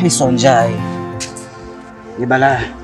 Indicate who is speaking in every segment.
Speaker 1: hii sio ni balaa.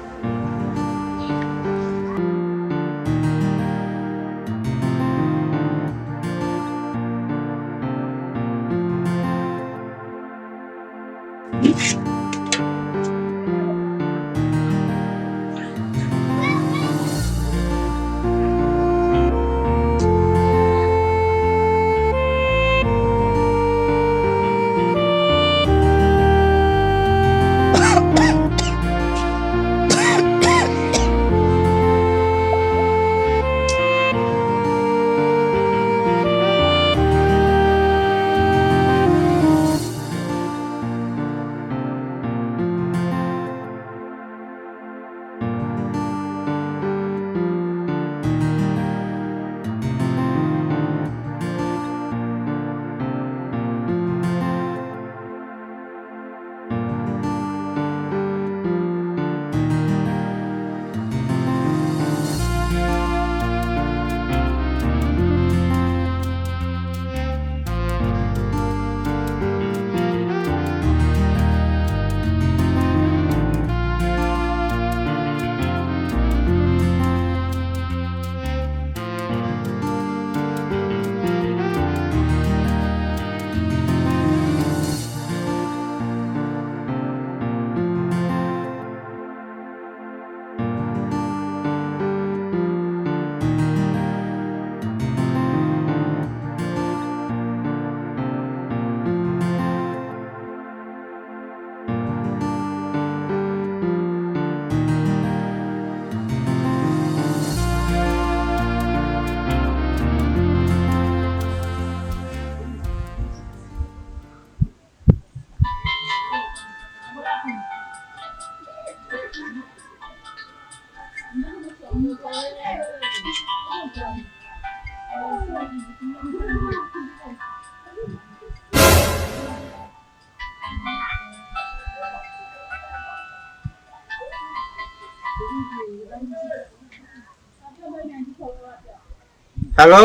Speaker 1: Halo?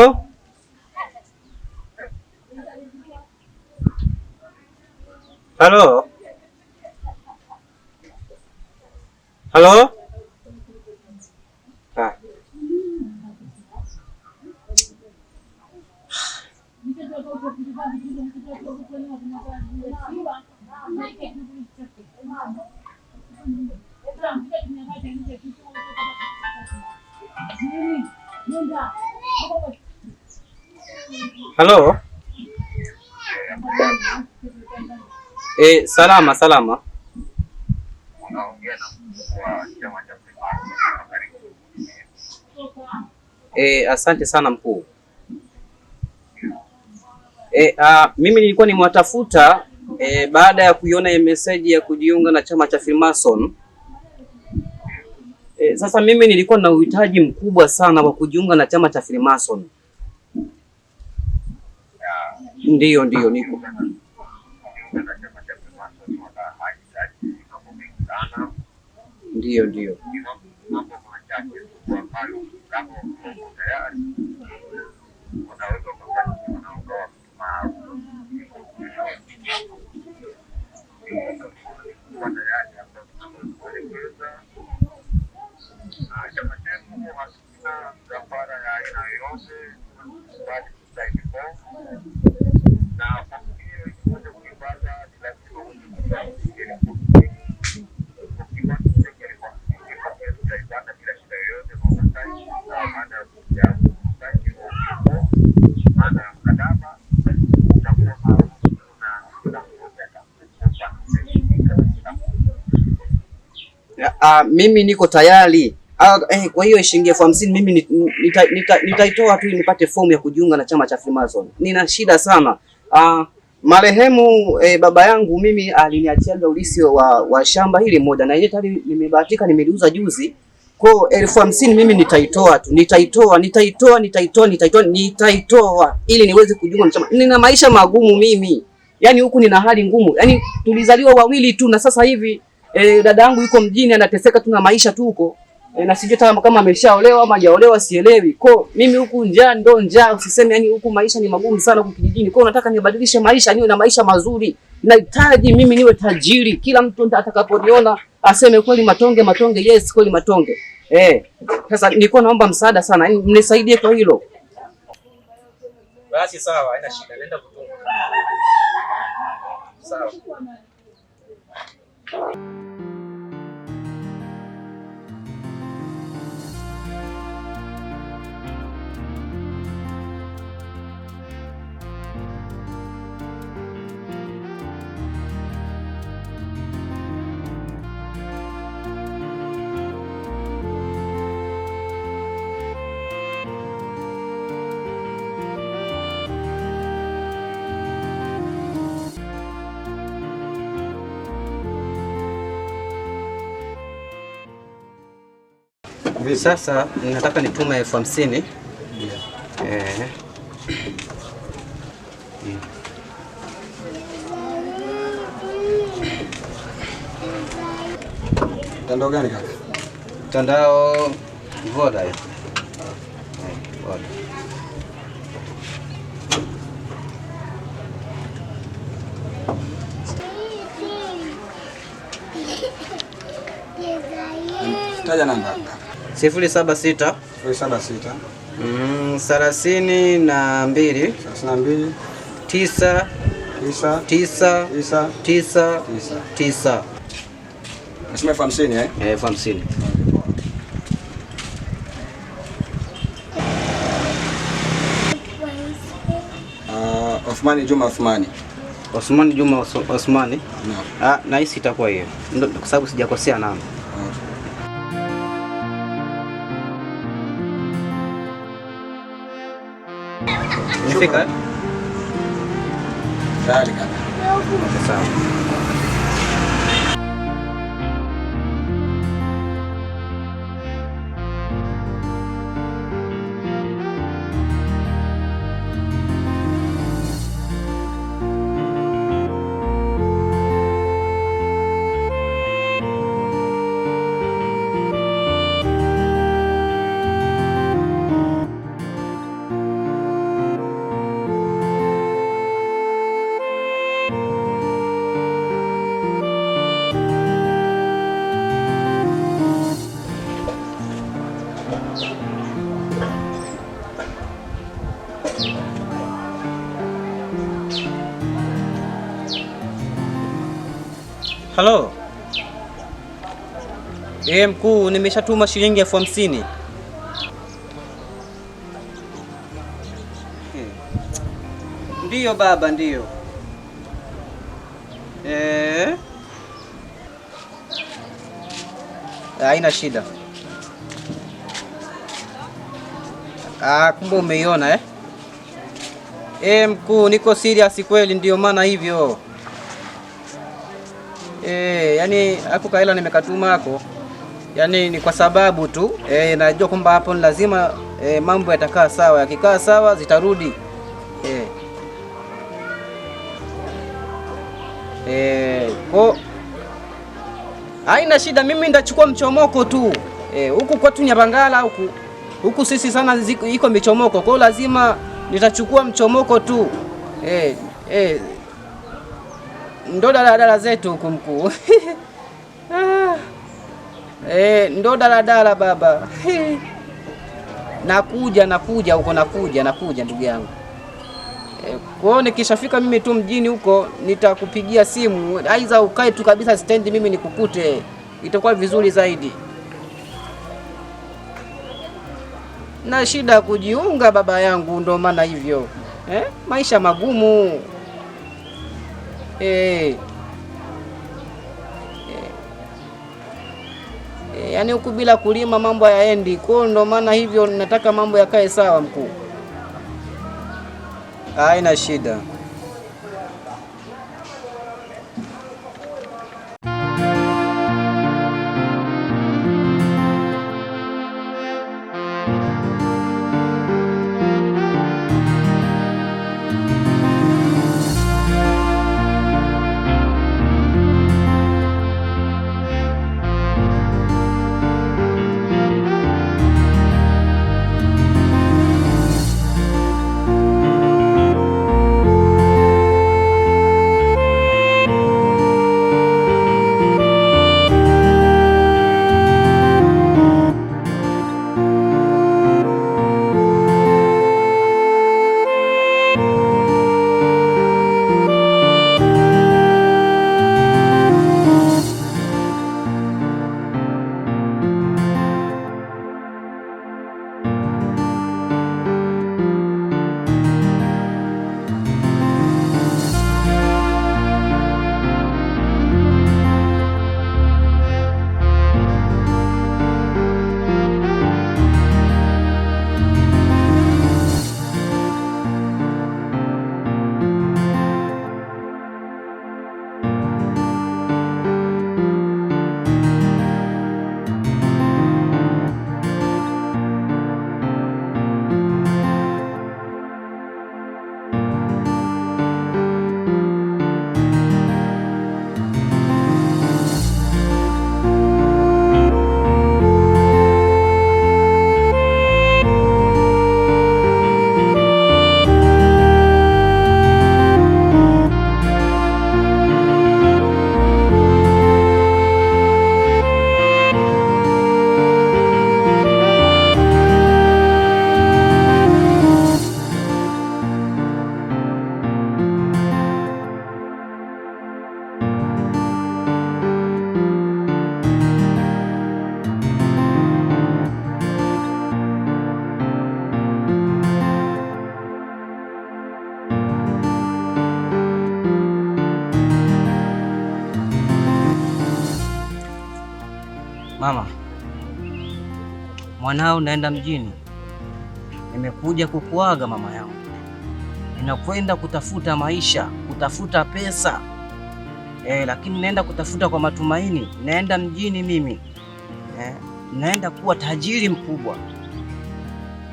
Speaker 1: Halo? Halo? Nah. Thank you. Halo. Eh, salama salama. Eh, asante sana mkuu. E, eh, a, ah, mimi nilikuwa nimewatafuta e, baada ya kuiona meseji ya kujiunga na chama cha Freemason sasa mimi nilikuwa na uhitaji mkubwa sana wa kujiunga na chama cha Freemason. Ndiyo, ndiyo niko ndiyo, ndiyo aina yoyote na Uh, mimi niko tayari Ah, eh, kwa hiyo shilingi elfu hamsini mimi nitaitoa nita, nita, nita tu nipate fomu ya kujiunga na chama cha Freemason. Nina shida sana. Uh, marehemu eh, baba yangu mimi aliniachiaga ulisi wa, wa shamba hili moja na yeye tayari nimebahatika nimeliuza juzi. Kwa elfu hamsini mimi nitaitoa tu, nitaitoa nitaitoa nitaitoa nitaitoa nitaitoa ili niweze kujiunga na chama. Nina maisha magumu mimi, yaani huku nina hali ngumu, yaani tulizaliwa wawili tu na sasa hivi eh, dada yangu yuko mjini anateseka, tuna maisha tu huko E, na sijui hata kama ameshaolewa ama hajaolewa sielewi. Kwa mimi huku njaa ndo njaa, usiseme yani huku maisha ni magumu sana huku kijijini. Kwa nataka nibadilishe maisha niwe na maisha mazuri. Nahitaji mimi niwe tajiri. Kila mtu atakaponiona aseme kweli Matonge, Matonge, yes kweli Matonge. Eh. Sasa nilikuwa naomba msaada sana. Yaani mnisaidie kwa hilo.
Speaker 2: Basi sawa, haina shida. Nenda kutoka. Sawa.
Speaker 1: hivi sasa nataka nitume elfu hamsini yeah. eh. Mm.
Speaker 2: Mtandao gani kaka?
Speaker 1: Mtandao Voda. Eh, Voda. Taja namba sifuri saba sita
Speaker 2: sifuri saba sita
Speaker 1: mm, thelathini na mbili na mbili tisa tisa tisa tisa. tisa
Speaker 2: Nasema elfu hamsini eh?
Speaker 1: eh elfu hamsini.
Speaker 2: Uh, Osmani Juma Osmani
Speaker 1: Osmani Juma Osmani. Naam. Ah, na hisi itakuwa hiyo. Kwa sababu sijakosea namba. Você, cara?
Speaker 2: Tá ligado. Tá.
Speaker 1: Halo e, eh, mkuu, nimeshatuma shilingi elfu hamsini. Hmm. Ndiyo baba, ndiyo e... haina shida. Ah, kumbe umeiona eh? Eh, mkuu, niko serious kweli, ndio maana hivyo Eh, yani hapo kaela nimekatuma hako yani ni kwa sababu tu eh, najua kwamba hapo ni lazima eh, mambo yatakaa sawa, yakikaa sawa zitarudi Eh. Eh, ko haina shida, mimi ndachukua mchomoko tu eh, huku kwetu Nyabangala huku huku sisi sana ziko, iko michomoko kwao, lazima nitachukua mchomoko tu eh, eh ndo daladala zetu huku mkuu. Ah. Eh, ndo daladala baba. nakuja nakuja huko nakuja nakuja ndugu yangu. E, kwa hiyo nikishafika mimi tu mjini huko nitakupigia simu, aidha ukae tu kabisa stendi mimi nikukute, itakuwa vizuri zaidi. Na shida ya kujiunga baba yangu, ndo maana hivyo eh? maisha magumu. Eh. eh, eh, yaani huku bila kulima mambo hayaendi. Kwa hiyo ndo maana hivyo nataka mambo yakae sawa, mkuu. Haina shida. Mama, mwanao naenda mjini. Nimekuja kukuaga mama yangu, ninakwenda kutafuta maisha, kutafuta pesa e, lakini naenda kutafuta kwa matumaini. Naenda mjini mimi e, naenda kuwa tajiri mkubwa,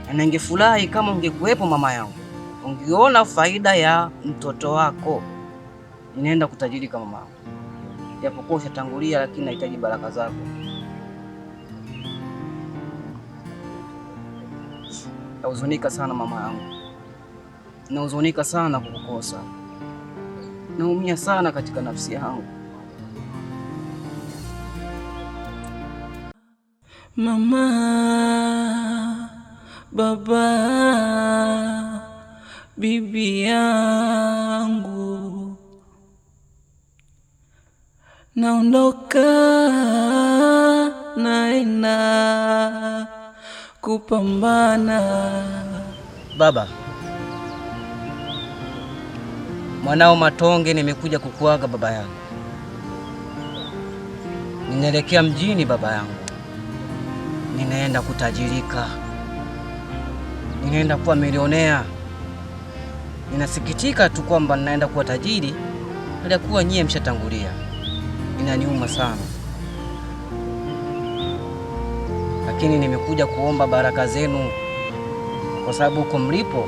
Speaker 1: na ningefurahi kama ungekuwepo mama yangu, ungeona faida ya mtoto wako. Ninaenda kutajirika mama, japokuwa ushatangulia, lakini nahitaji baraka zako. nahuzunika sana mama yangu, nahuzunika sana kukukosa, naumia sana katika nafsi yangu
Speaker 3: mama, baba, bibi yangu, naondoka naenda kupambana.
Speaker 1: Baba, mwanao Matonge nimekuja kukuaga baba yangu. Ninaelekea mjini baba yangu, ninaenda kutajirika, ninaenda kuwa milionea. Ninasikitika tu kwamba ninaenda kuwa tajiri, hali ya kuwa nyie mshatangulia. Inaniuma sana. lakini nimekuja kuomba baraka zenu, kwa sababu huko mlipo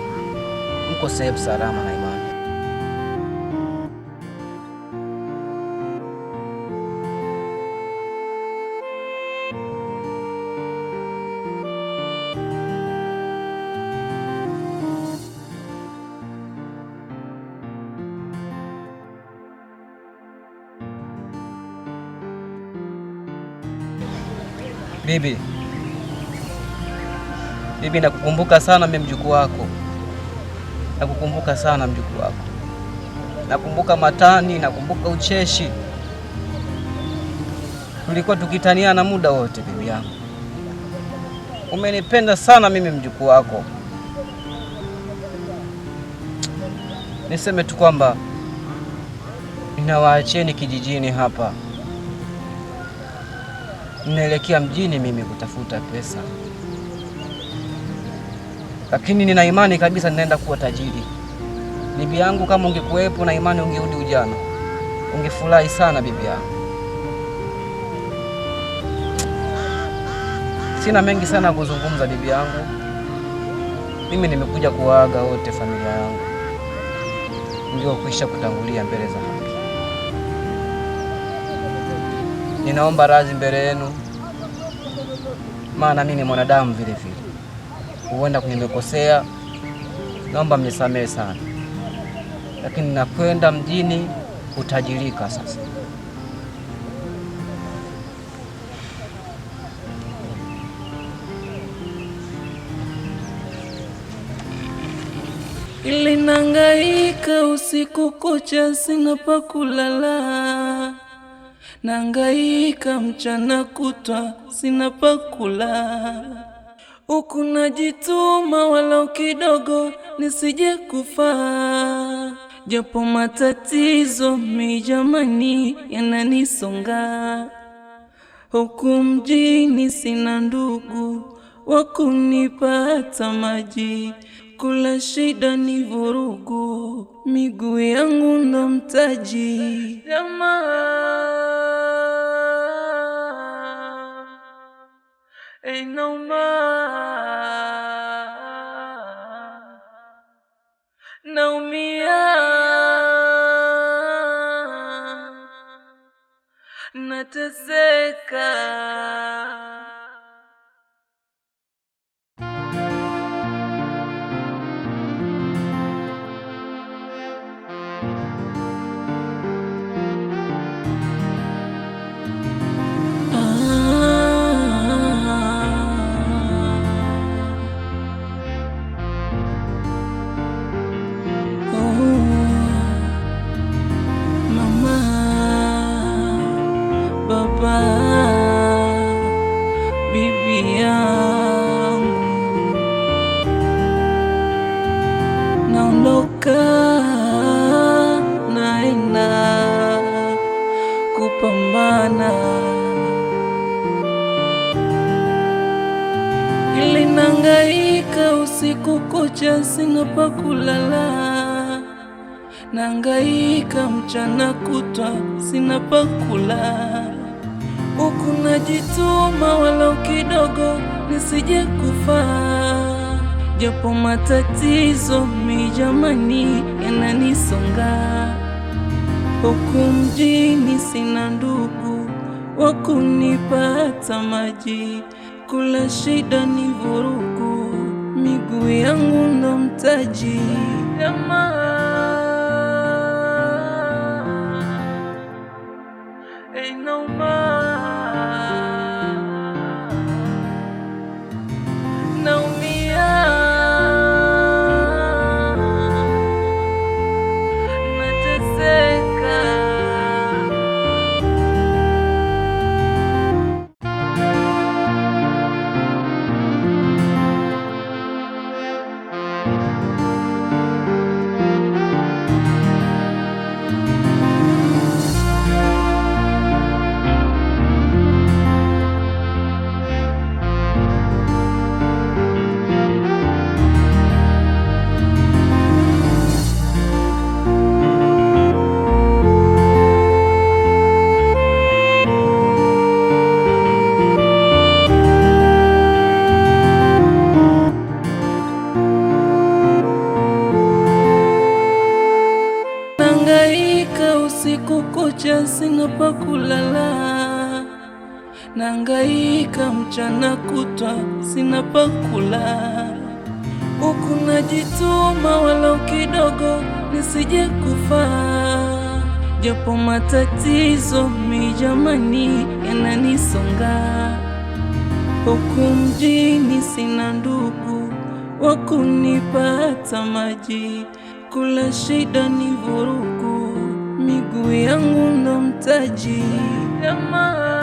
Speaker 1: mko sehemu salama na imani. Bibi Bibi, nakukumbuka sana mimi mjukuu wako, nakukumbuka sana mjukuu wako, nakumbuka matani, nakumbuka ucheshi, tulikuwa tukitaniana muda wote. Bibi yangu, umenipenda sana mimi mjukuu wako. Niseme tu kwamba ninawaacheni kijijini hapa, ninaelekea mjini mimi kutafuta pesa lakini nina imani kabisa ninaenda kuwa tajiri. Bibi yangu, kama ungekuwepo, na imani ungerudi ujana, ungefurahi sana bibi yangu. Sina mengi sana ya kuzungumza bibi yangu, mimi nimekuja kuwaaga wote familia yangu ndio kuisha kutangulia mbele za haki. Ninaomba radhi mbele yenu, maana mimi ni mwanadamu vile vile huenda nimekosea, naomba mnisamehe sana, lakini nakwenda mjini kutajirika sasa.
Speaker 3: ili nangaika usiku kucha, sina pa kulala, nangaika mchana kutwa, sina pa kulala huku najituma walau kidogo nisije kufa, japo matatizo mi jamani yananisonga, huku mjini sina ndugu wa kunipata maji, kula shida ni vurugu, miguu yangu ndo mtaji jamaa em não mar. Não me na te seca. kupambana ili nangaika usiku kucha, sina pa kulala, nangaika mchana kutwa, sina pa kulala, huku najituma walau kidogo nisije kufa japo matatizo mi mijamani yananisonga Huku mjini sina ndugu wa kunipata maji, kula shida ni vurugu, miguu yangu na mtaji jamaa kutwa sina kula, huku najituma walau kidogo nisije kufa, japo matatizo mi jamani yananisonga, huku mjini sina ndugu wa kunipata maji, kula shida ni vurugu, miguu yangu ndo mtaji jamani.